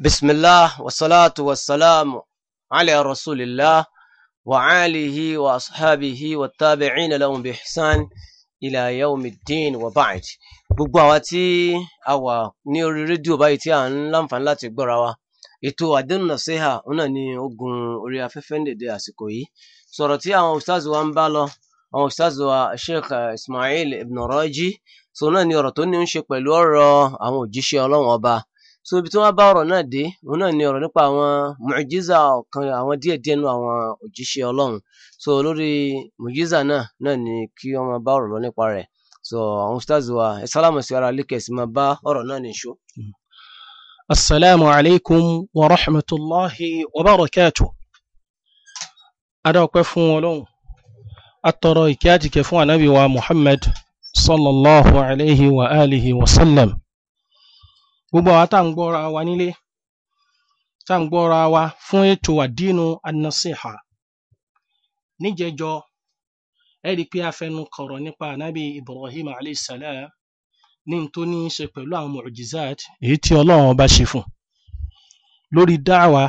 بسم الله والصلاة والسلام على رسول الله وعاله وأصحابه والتابعين لهم بإحسان إلى يوم الدين وبعد gbogbo àwa tí a wà ní orí rédíò báyìí tí à ń láǹfààní láti gbọ́ra wa ètò àdéhùn nàṣẹ́hà òun náà ni ogun orí afẹ́fẹ́ ń dèdè àsìkò yìí sọ̀rọ̀ tí àwọn ustaz wa ń bá lọ àwọn ustaz wa Sheikh Ismail Ibn Raji sọ náà ni ọ̀rọ̀ tó ní ń ṣe pẹ̀lú ọ̀rọ̀ àwọn òjíṣẹ́ Ọlọ́run ọba so ibi tí wọ́n bá ọ̀rọ̀ náà dé òun náà ni ọ̀rọ̀ nípa àwọn mùjíza ọ̀kan àwọn díẹ̀ díẹ̀ nínú àwọn òjíṣẹ́ ọlọ́run so lórí mùjíza náà náà ni kí wọ́n máa bá ọ̀rọ̀ lọ nípa rẹ̀ so àwọn ustaz wa ẹ sálámù sí ara lẹ́kẹ̀sì máa bá ọ̀rọ̀ náà nìṣó. asalaamu alaykum wa rahmatulahi wa barakatu. adáwọ̀pẹ́ fún ọlọ́run atọ̀rọ̀ ìkíyàjìkẹ́ fún anabi wa muhammad sallallahu alayhi wa alihi wa sallam gbogbo àwa tá à ń gbọ́ra wa nílé tá à ń gbọ́ra wa fún ètò àdínú anasiha níjẹjọ ẹ rí i pé a fẹnu kọ̀rọ̀ nípa ànábì Ibrahim aleyhisselam ní n tó ní í ṣe pẹ̀lú àwọn mu'jizat èyí tí Ọlọ́run ọba ṣe fún lórí dáwà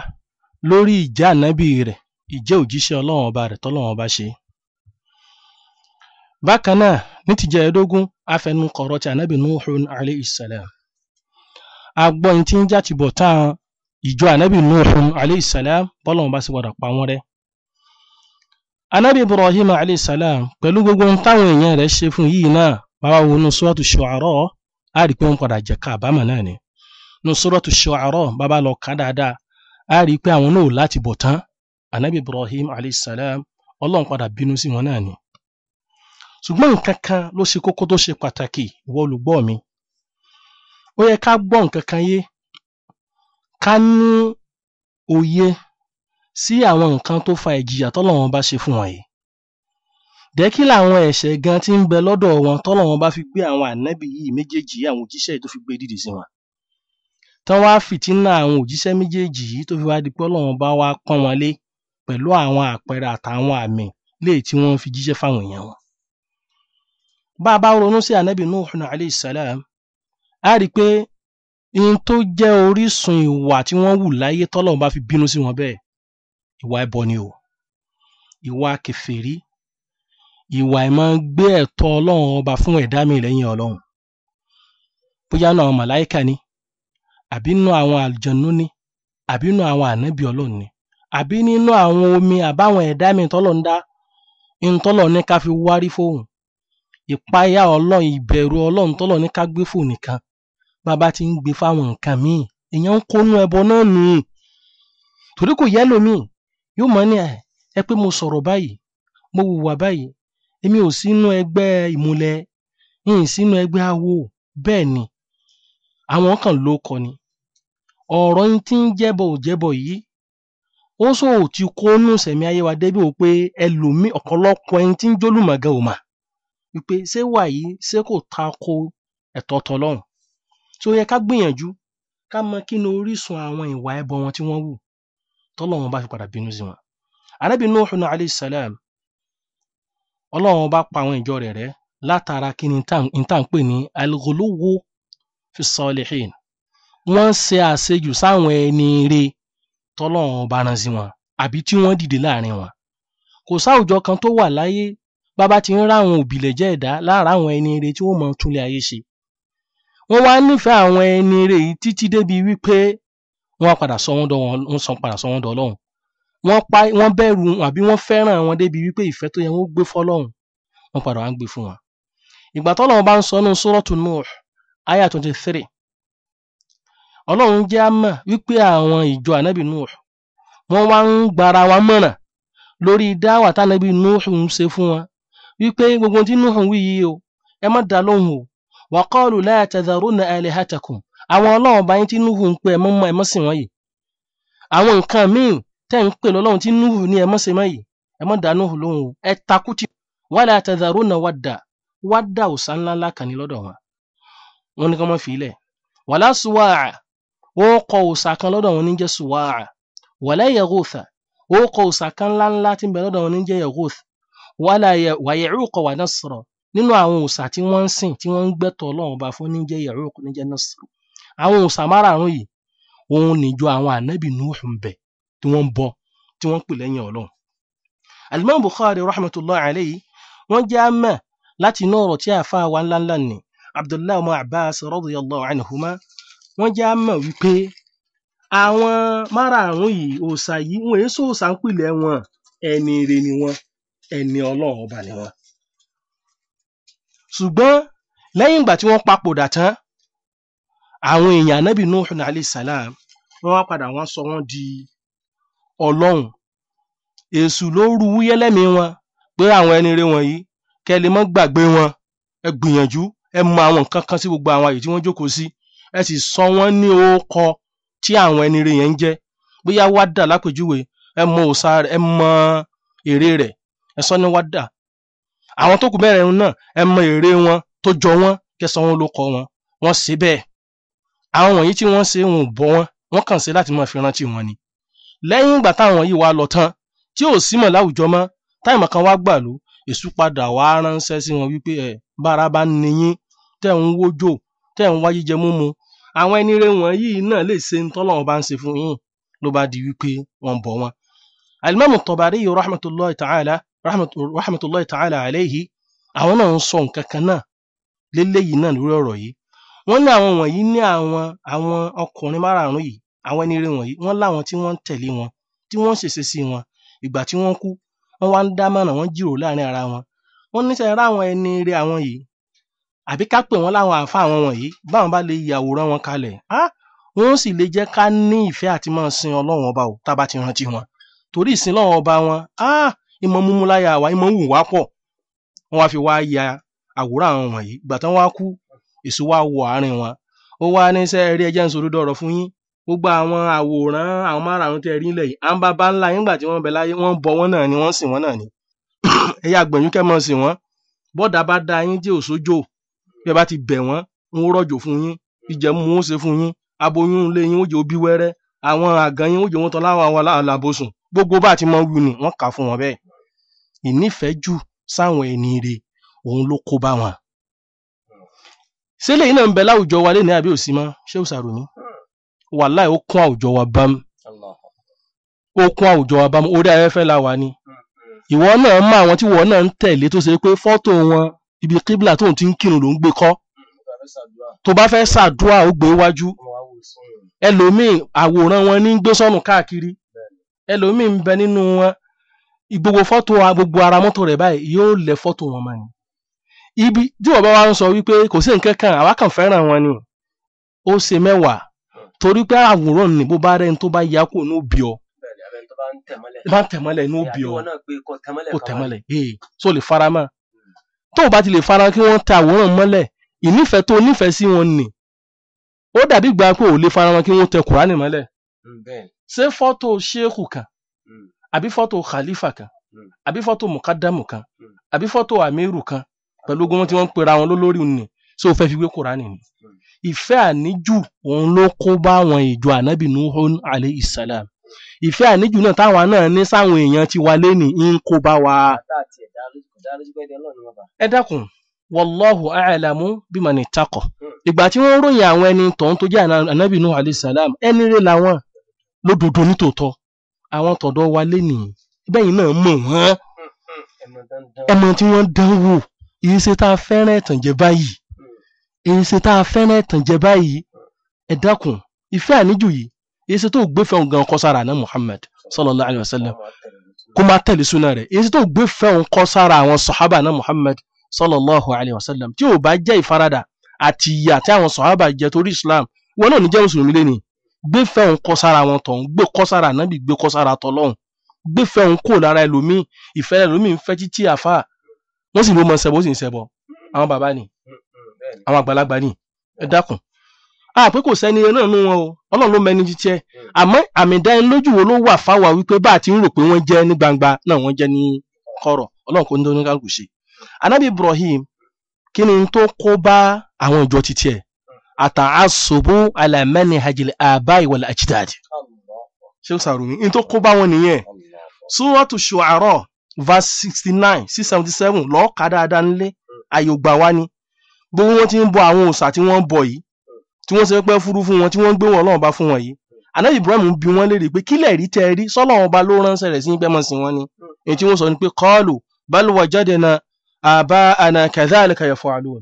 lórí ìjẹ́ ànábì rẹ̀ ìjẹ́ òjíṣẹ́ Ọlọ́run ọba rẹ̀ tọ́lọ́run ọba ṣe bákan náà ní tìjẹ́ ẹ̀ẹ́dógún a fẹnu kọ̀rọ̀ ti ànábì Nuhun aleyhisselam a gbọ́ in tí ń jàtìbọ̀tán ìjọ ànábì nuhun aleyhisselam bọ́lọ̀wọ́n bá sì padà pa wọ́n rẹ́ ànábì ibrahim aleyhisselam pẹ̀lú gbogbo ohun táwọn èèyàn rẹ̀ ṣe fún yìí náà bàbá wo nu suratu shu'ara a rí pé wọ́n padà jẹ̀ka àbámọ̀ náà ni nu suratu shu'ara bàbá lọ kà dáadáa a rí pé àwọn náà láti bọ̀ tán ànábì ibrahim aleyhisselam ọlọ́run padà bínú sí wọn náà ni ṣùgbọ́n nǹkan kan ló ṣe kókó tó ṣe pàtàkì ìwọ ó yẹ ká gbọ́ ǹkankan yé, ká ní òye sí àwọn nǹkan tó fa ìjìyà tọ́lọ́run bá ṣe fún wọn yìí. Then kí làwọn ẹ̀ṣẹ̀ gan ti ń bẹ lọ́dọ̀ wọn tọ́lọ́run bá fi gbé àwọn ànábì yìí méjèèjì yìí àwọn òjíṣẹ́ yìí tó fi gbé e dìde sí wọn. Tán wá fìtínà àwọn òjíṣẹ́ méjèèjì yìí tó fi wá di pé ọlọ́wọ́n bá wá pọ́n wọn lé pẹ̀lú àwọn àpẹẹrẹ àtàwọn àmì léyìí tí wọ́n fi jíṣẹ́ fáwọn èèyàn wọn. Bá a bá ronú sí ànábì Nuhun alayhi salam á rí i pé ihun tó jẹ́ orísun ìwà tí wọ́n hù láyé tọ́lọ́run bá fi bínú sí wọn bẹ́ẹ̀ ìwà ẹbọ ni o ìwà kèfèrí ìwà ìmọ̀ gbé ẹ̀tọ́ ọlọ́run ọba fún ẹ̀dá mi lẹ́yìn ọlọ́run bóyá nínú àwọn màláìka ni àbí nínú àwọn àlùjọ̀nnú ni àbí nínú àwọn ànábì ọlọ́run ni àbí nínú àwọn omi àbáwọn ẹ̀dá mi tọ́lọ́run dá ihun ní ká fi wárí fóun ìpayà ọlọ́run ìbẹ̀rù ọlọ́run tọ́lọ́run ní ká gbé fóun nìkan bàbá ti ń gbé fáwọn nǹkan míì èèyàn ń kónú ẹbọ náà nù torí kò yẹ lómìn yóò mọ ní ẹ pé mo sọ̀rọ̀ báyìí mo hùwà báyìí èmi ò sínú ẹgbẹ́ ìmùlẹ̀ yìnyín sínú ẹgbẹ́ awo bẹ́ẹ̀ ni àwọn kan ló kọ ni ọ̀rọ̀ yín tí ń jẹ́bọ̀ ò jẹ́bọ̀ yìí ó sọ ò ti kónú sẹ̀mí ayé débi wò pé ẹlòmíì ọ̀pọ̀lọpọ̀ ẹni tí ń jólùmọ̀gẹ́ ò mà wípé ṣé wàyí ṣé kò ta ko ẹ̀tọ́ tọlọ́run so ó yẹ ká gbìyànjú ká mọ kí ni orísun àwọn ìwà ẹbọ wọn tí wọ́n wù tọ́lọ́run bá fi padà bínú sí wọn ànábì nuhu náà alayhi salam ọlọ́run bá pa àwọn ìjọ rẹ̀ rẹ́ látara kí ni níta ń pè ní alghuluwu fi salihin wọ́n ń ṣe àṣejù sáwọn ẹni rè tọ́lọ́run bá rán sí wọn àbí tí wọ́n dìde láàrin wọn kò sáwùjọ kan tó wà láyé bàbá ti ń ráwọn òbílẹ̀ jẹ́ ẹ̀dá lára àwọn ẹni rè tí wọ́n mọ túnlé ayé ṣe wọ́n wá nífẹ̀ẹ́ àwọn ẹni rẹ̀ títí débi wípé wọ́n padà sọ wọ́n dọ̀ wọ́n sọ padà sọ wọ́n dọ̀ ọlọ́run wọ́n pa wọ́n bẹ̀rù àbí wọ́n fẹ́ràn wọn débi wípé ìfẹ́ tó yẹ wọ́n gbé fọ́lọ́run wọ́n padà wá ń gbé fún wa ìgbà tó lọ́wọ́ bá ń sọ nínú sórọ́tù Nuh aya twenty three ọlọ́run jẹ́ àmà wípé àwọn ìjọ ànábì Nuh wọ́n wá ń gbara wa mọ̀ràn lórí dáwà tánábì Nuh ń ṣe fún wa wípé gbogbo tí Nuh wí yìí o ẹ má dá lóhùn o وقالوا لا تذرن آلهتكم àwọn ọlọ́run bá yín tí núhù ń pè ẹmọ́ mọ́ ẹmọ́ sì wọ́n yìí àwọn nǹkan míì tẹ́ ń pè lọ́lọ́run tí núhù ní ẹmọ́ sì mọ́ yìí ẹmọ́ dá núhù lóhùn ẹ takú tí wala tadharuna wadda wadda òsán ńláńlá kan ní lọ́dọ̀ wọn wọn ní kí wọ́n fi ilẹ̀ wala suwa'a wọn kọ òsà kan lọ́dọ̀ wọn ní jẹ́ suwa'a wala yaghutha wọn kọ òsà kan ńláńlá tí ń bẹ lọ́dọ̀ wọn ní jẹ́ yaghuth wala wa ya'uqa wa nasra nínú àwọn òòṣà tí wọ́n ń sìn tí wọ́n ń gbẹ́tọ̀ ọlọ́run ọba fún níjẹ́ Yaruk níjẹ́ Nasiru àwọn òòṣà márààrún yìí òun nìjọ àwọn ànábì Nuhu ń bẹ tí wọ́n ń bọ tí wọ́n ń pè lẹ́yìn ọlọ́run Al-Imam Bukhari rahmatullahi alayhi wọ́n jẹ́ àmà láti inú ọ̀rọ̀ tí àfa wa ńláńlá ni Abdullahi ọmọ Abbas radiyallahu anhuma wọ́n jẹ́ àmà wípé àwọn márààrún yìí òòṣà yìí wọ́n èso òòṣà ń pilẹ̀ wọn ẹni ire ni wọn ẹni ọlọ́run ọba ni wọn ṣùgbọ́n lẹ́yìn ìgbà tí wọ́n papòdà tán àwọn èèyàn anábì nuhu alayhi salam wọ́n wá padà wọ́n sọ wọ́n di ọlọ́run èṣù ló ru wúyẹ́ lẹ́mìí wọn pé àwọn ẹni rẹ wọ̀nyí kẹ́ lè mọ́ gbàgbé wọn ẹ gbìyànjú ẹ mọ àwọn nǹkan kan sí gbogbo àwọn àyè tí wọ́n jókòó sí ẹ sì sọ wọ́n ní orúkọ tí àwọn ẹni rẹ yẹn ń jẹ́ bóyá wádà lápèjúwe ẹ mọ òòṣà rẹ ẹ mọ èrè rẹ ẹ sọ ní wádà àwọn tó kù mẹ́rin náà ẹ mọ èrè wọn tó jọ wọn kẹsọ wọn ló kọ wọn wọ́n ṣe bẹ́ẹ̀ àwọn wọ̀nyí tí wọ́n ṣe wọn ò bọ wọn wọ́n kàn ṣe láti máa fi rántí wọn ni lẹ́yìn ìgbà táwọn yìí wá lọ tán tí ò símọ̀ láwùjọ mọ́ táìmọ̀ kan wá gbà ló èṣù padà wá ránṣẹ́ sí wọn wípé ẹ bára bá niyín tẹ̀ ń wójò tẹ̀ ń wá jíjẹ múmu àwọn ẹni rẹ wọ̀nyí náà lè ṣe ntọ́lọ́wọ́n bá ń ṣe fún yín ló bá di wípé wọ́n bọ̀ wọn. alimami tọbari rahmatulahi ta'ala rahmatullahi ta'ala alayhi àwọn náà ń sọ nǹkan kan náà léléyìí náà lórí ọ̀rọ̀ yìí wọ́n ní àwọn wọ̀nyí ní àwọn àwọn ọkùnrin márààrún yìí àwọn ẹni rere wọ̀nyí wọ́n láwọn tí wọ́n ń tẹ̀lé wọn tí wọ́n ń ṣèṣe sí wọn ìgbà tí wọ́n kú wọ́n wá ń dámọ̀ràn wọ́n jíròrò láàrin ara wọn wọ́n ní sẹ́yìn ráwọn ẹni rere àwọn yìí àbí ká pè wọ́n láwọn àáfàá àwọn wọ̀nyí báwọn bá lè yàwòrán wọn kalẹ̀ á wọ́n sì lè jẹ́ ká ní ìfẹ́ àti máa sin ọlọ́run ọba ò tá a bá ti rántí wọn torí ìsin ọba wọn á ìmọ̀ múmú láyà wa ìmọ̀ wù wá pọ̀ wọ́n wá fi wá ya àwòrán àwọn wọ̀nyí ìgbà tán wá kú èso wá wọ àárín wọn ó wá ní sẹ́ rí ẹjẹ́ ń sọ òdodo ọ̀rọ̀ fún yín gbogbo àwọn àwòrán àwọn márààrún tẹ́ rí nílẹ̀ yìí à ń bàbá ńlá yín gbà tí wọ́n bẹ láyé wọ́n bọ wọ́n náà ni wọ́n sìn wọ́n náà ni ẹ̀yà àgbẹ̀yìn kẹ́ mọ̀ sìn wọ́n bọ́dà bá da yín jẹ́ òṣójò bí ẹ bá ti bẹ̀ wọ́n ń rọ̀jò fún yín ìjẹ̀mú ó ṣe fún yín aboyún ilé yín ó jẹ́ òbí wẹ́rẹ́ àwọn àgàn yín ó jẹ́ wọn tán láwọn àwọn aláàbòsùn gbogbo bá ti mọ wí ni wọ́n kà fún wọn bẹ́ẹ̀ ìnífẹ̀ẹ́jù sáwọn ẹni ire òun ló kó bá wọn. ṣé lèyí náà ń bẹ láwùjọ wa lẹ́nu àbí òsì mọ́ Shehu Sarumi wàláì ó kún àwùjọ wa bámu ó kún àwùjọ wa bámu orí afẹ́fẹ́ la wà ni ìwọ náà mọ àwọn tí ìwọ náà ń tẹ̀lé tó ṣe pé fọ́tò wọn ibi kíbla tóun ti ń kírun ló ń gbé kọ́ tó bá fẹ́ ṣàdúrà ó gbé wájú ẹlòmíì àwòrán wọn ní gbé sọ́nù káàkiri ẹlòmíì ń bẹ nínú wọn gbogbo fọ́tò gbogbo ara mọ́tò rẹ̀ báyìí yóò lẹ fọ́tò wọn mọ́ ni ibi tí wọ́n bá wá ń sọ wípé kò sí nǹkan kan àwa kàn fẹ́ràn wọn ni ó ṣe mẹ́wàá torí pé àwòrán ni bó bá rẹni tó bá yá kó ní òbí ọ bá ń tẹ̀mọ́lẹ̀ ní òbí ọ kò tẹ̀mọ́lẹ̀ ee eh, so lè fara mọ́ tó o bá ti lè fara kí wọ́n tẹ àwòrán mọ́lẹ̀ ìnífẹ̀ẹ́ tó nífẹ̀ẹ́ sí wọn ni ó dàbí gbà pé ò lè fara wọn kí wọ́n tẹ kùránì mọ́lẹ̀ hmm, ṣé fọ́tò ṣéèkù kan àbí fọ́tò khalifa kan hmm. àbí fọ́tò mukadamu kan hmm. àbí fọ́tò amiru kan pẹ̀lú ogun tí wọ́n ń pera wọn lólórí ni so fẹ́ fi wé kúránì ni hmm. ìfẹ́ àníjù òun ló kó bá àwọn ìjọ ànábì nuhun alayhi salam ìfẹ́ àníjù náà táwọn náà ní sáwọn èèyàn ti wá lẹ́nì ń kó bá wa. ẹ dákun wallahu a'lamu biman ittaqa ìgbà tí wọ́n ròyìn àwọn ẹni tọ̀hún tó jẹ́ ànábì nuhun alayhi salam ẹni rẹ̀ làwọn lódodo nítòótọ́ àwọn tọ̀dọ̀ wa lénìí bẹ́yìn náà mọ̀ wọ́n ẹmọ tí wọ́n dán wò èyí ṣe tá a fẹ́ràn ẹ̀tànjẹ báyìí èyí ṣe tá a fẹ́ràn ẹ̀tànjẹ báyìí ẹ dákun ìfẹ́ àníjù yìí èyí ṣe tó gbéfẹ́ òun gan kọ́ sára náà Muhammad sallallahu alayhi wa sallam kó máa tẹ̀lé súnà rẹ̀ èyí ṣe tó gbéfẹ́ òun kọ́ sára àwọn sọ̀hábà náà Muhammad sallallahu alayhi wa sallam tí ò bá jẹ́ ìfaradà àti ìyà tí àwọn sọ̀hábà jẹ torí Islam wọn náà ní jẹ́ mùsùlùmí lénìí gbéfẹ́ òun kọ́ sára wọn tọ̀hún gbé kọ́ sára ànábì gbé kọ́ sára tọlọ́hún gbéfẹ́ òun kúrò lára ẹlòmíì ìfẹ́ ẹlòmíì ń fẹ́ títí àfà wọ́n sì ló mọ ṣẹbọ ó sì ń ṣẹbọ àwọn bàbá ni àwọn àgbàlagbà ni ẹ dákun a pé kò sẹ́ni náà nú wọn o ọlọ́run ló mẹni títí ẹ àmọ́ àmì ìdánilójú wo ló wà fáwa wípé bá a ti ń rò pé wọ́n jẹ́ ní gbangba náà wọ́n jẹ́ ní kọ̀rọ̀ ọlọ́run kò ní tó ní kálukú ṣe anábì Ibrahim kí ni tó kó bá àwọn ìjọ títí ẹ̀ àtàásùbù alàmẹ́ni hajjili àbáyé wal ajdad ṣe sàrùmí in tó kó bá wọn nìyẹn súrọ́tù ṣùárọ̀ verse sixty nine sí seventy seven lọ́ọ́ ká dáadáa nílé ayò gbà wá ni gbogbo wọn ti ń bọ àwọn òòṣà tí wọ́n ń bọ yìí tí wọ́n ṣe pẹ́ fúrú fún wọn tí wọ́n ń gbé wọn Ọlọ́run bá fún wọn yìí anabi Ibrahim ń wọ́n léèrè pé kílẹ̀ rí tẹ́ rí sọ́lọ́run ọba ló ránṣẹ́ rẹ̀ sí pẹ́ mọ́ sí wọn ni èyí tí wọ́n sọ ni pé kọ́ọ̀lù bal wajadna àbá àna kadhalika yaf'alun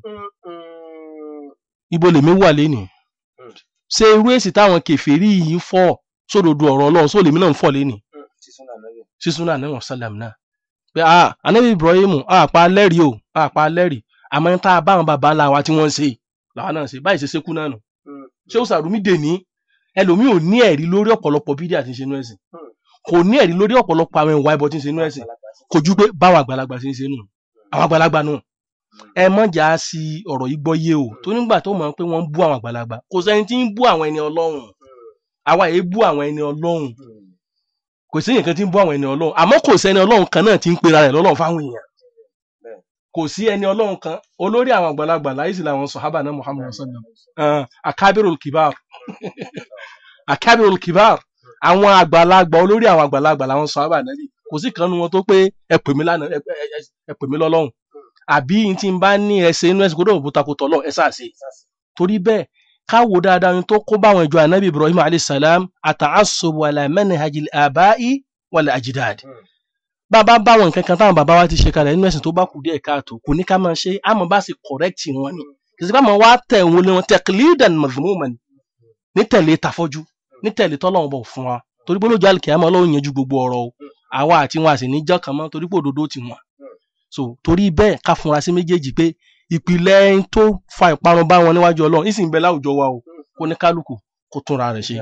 ibo lèmi wà lénìí hmm. ṣé irú èsì táwọn kèfèrí yìí ń fọ sódodo ọ̀rọ̀ Ọlọ́run sóò lèmi náà ń fọ lénìí sísúnà náà wọn sálàm náà pé a ah, anábì Ibrahim a pa lẹ́rìí o a pa lẹ́rìí àmọ́ tá a bá àwọn bàbá ńlá wa tí wọ́n ń ṣe làwọn náà ṣe báyìí ṣe ṣekú náà nù hmm. ṣé ó sàrùmí dèní ẹlòmíì ò ní ẹ̀rí lórí ọ̀pọ̀lọpọ̀ bídí àti ṣe inú ẹ̀sìn hmm. kò ní ẹ̀rí lórí ọ̀pọ̀lọpọ̀ àwọn ìwà ẹbọ tí ń ṣe inú ẹ̀sìn kò ju pé báwọn àgbàlagbà ṣe ń ṣe nù àwọn àgbàlagbà náà ẹ mọ̀jà sí ọ̀rọ̀ yìí gbọ́ yé o mm. tó nígbà tó mọ̀ pé wọ́n ń bú àwọn àgbàlagbà kò sẹ́ni tí ń bú àwọn ẹni ọlọ́run mm. àwa yìí bú àwọn ẹni ọlọ́run mm. kò sí nǹkan tí ń bú àwọn ẹni ọlọ́run àmọ́ kò sẹ́ni ọlọ́run kan náà tí ń pera rẹ̀ lọ́lọ́run fáwọn èèyàn kò sí ẹni ọlọ́run kan olórí àwọn àgbàlagbà láyé sì làwọn sọ̀hábà náà Muhammad sallam akabirul kibar akabirul kibar àwọn àgbàlagbà olórí àwọn àgbàlagbà làwọn sọ̀hábà náà kò sí kan nu wọn tó pé ẹ pè mí lánàá ẹ pè mí lọ́lọ́run àbí n tí n bá ní ẹsẹ̀ inú ẹsẹ̀ kó dọ̀ bó takò tọ̀lọ̀ ẹ sáà ṣe torí bẹ́ẹ̀ káwo dáadáa ní tó kó báwọn ìjọ anabi ibrahim alayhisalam àtàásùbù alamẹ́ni hajjil àbáyí wàlẹ̀ àjìdáàdì bàbá hmm. báwọn nǹkan kan táwọn bàbá wa ti ṣe kalẹ̀ inú ẹ̀sìn tó bá kù díẹ̀ káàtó kò ní ká máa ṣe àmọ́ bá sì correct wọn ni kìsì bá máa wá tẹ̀ wọn lé wọn taqlidan madhmuman ní tẹ̀lé tàfọ́jú ní tẹ̀lé tọ́lọ́run bọ̀ fún wa torí pé so torí bẹ́ẹ̀ ká funra sí méjèèjì pé ìpìlẹ̀ ẹni tó fa ìparun bá wọn níwájú ọlọ́run ìsìn ń bẹ láwùjọ wa o kó ní kálukú kó túnra rẹ̀ ṣe.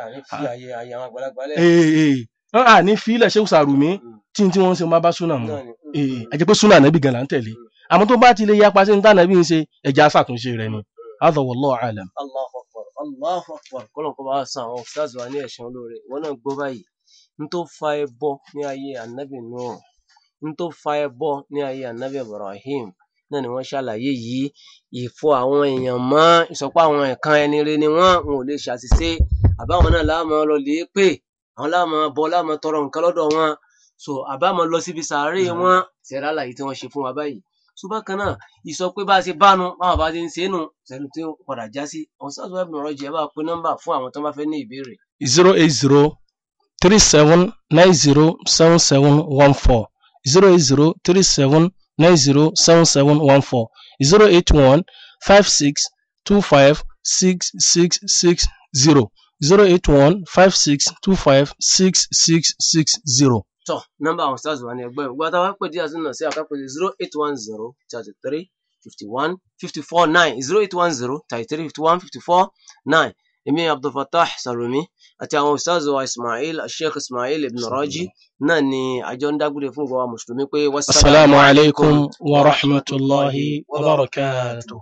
a ní fílẹ̀ ṣé Sàrùmí tí tí wọ́n ń ṣe máa bá súnà mu ẹ mm. jẹ́ pé súnà ànábì gan là ń tẹ̀lé mm. àmọ́ tó bá ti lè yapa sí ní tànàbí ń ṣe ẹ̀já ṣàtúnṣe rẹ̀ ni mm. adọ̀wọ̀lọ́ àlàm. Allahu akbar Allahu akbar kọ́lọ́kọ́ bá san àwọn ọ̀sán àzọ̀ wa ní ẹ̀sán olóore wọn náà gbọ́ báyìí ní tó fa ẹbọ ní ayé ní tó fa ẹbọ ní ayé anabi ibrahim náà ni wọ́n ṣàlàyé yìí ìfọ àwọn èèyàn mọ́ ìsọpọ̀ àwọn ẹ̀kan ẹni rẹ ni wọ́n wọn ò lè ṣàṣìṣe àbáwọn náà láàmú lọ lè pè àwọn láàmú bọ láàmú tọrọ nǹkan lọ́dọ̀ wọn so àbámọ lọ síbi sàárè mm. wọn ṣẹlá àlàyé tí wọ́n ṣe fún wa báyìí ṣùgbọ́n náà ìsọ pé bá a ṣe bánu báwọn bá ti ń ṣe é nù sẹ́nu tí ó padà já sí àwọn sọ́ọ̀tù wẹ́ẹ̀bù ọ̀rọ̀ jẹ́ bá a pín nọ́mbà fún àwọn tó bá fẹ́ ní ìbéèrè. zero eight zero three seven nine zero seven seven one four. Zero zero zero eight three seven seven nine 08037 one 081 56 25 6660 081 six 25 6660. tọ́ nọ́mbà àwọn stars wà ní ẹgbẹ́ ìgbà táwọn pè díẹ̀ sínú sí àkápẹ́ zero eight one zero thirty three fifty one fifty four nine zero eight one zero thirty three fifty one fifty four nine èmi abdulfatah salomi àti àwọn ustazu wa ismail sheikh ismail ibn raji náà ni àjọ ń dágbére fún gbogbo wa mùsùlùmí pé wasalaamu alaykum wa rahmatulahi wa barakatuh.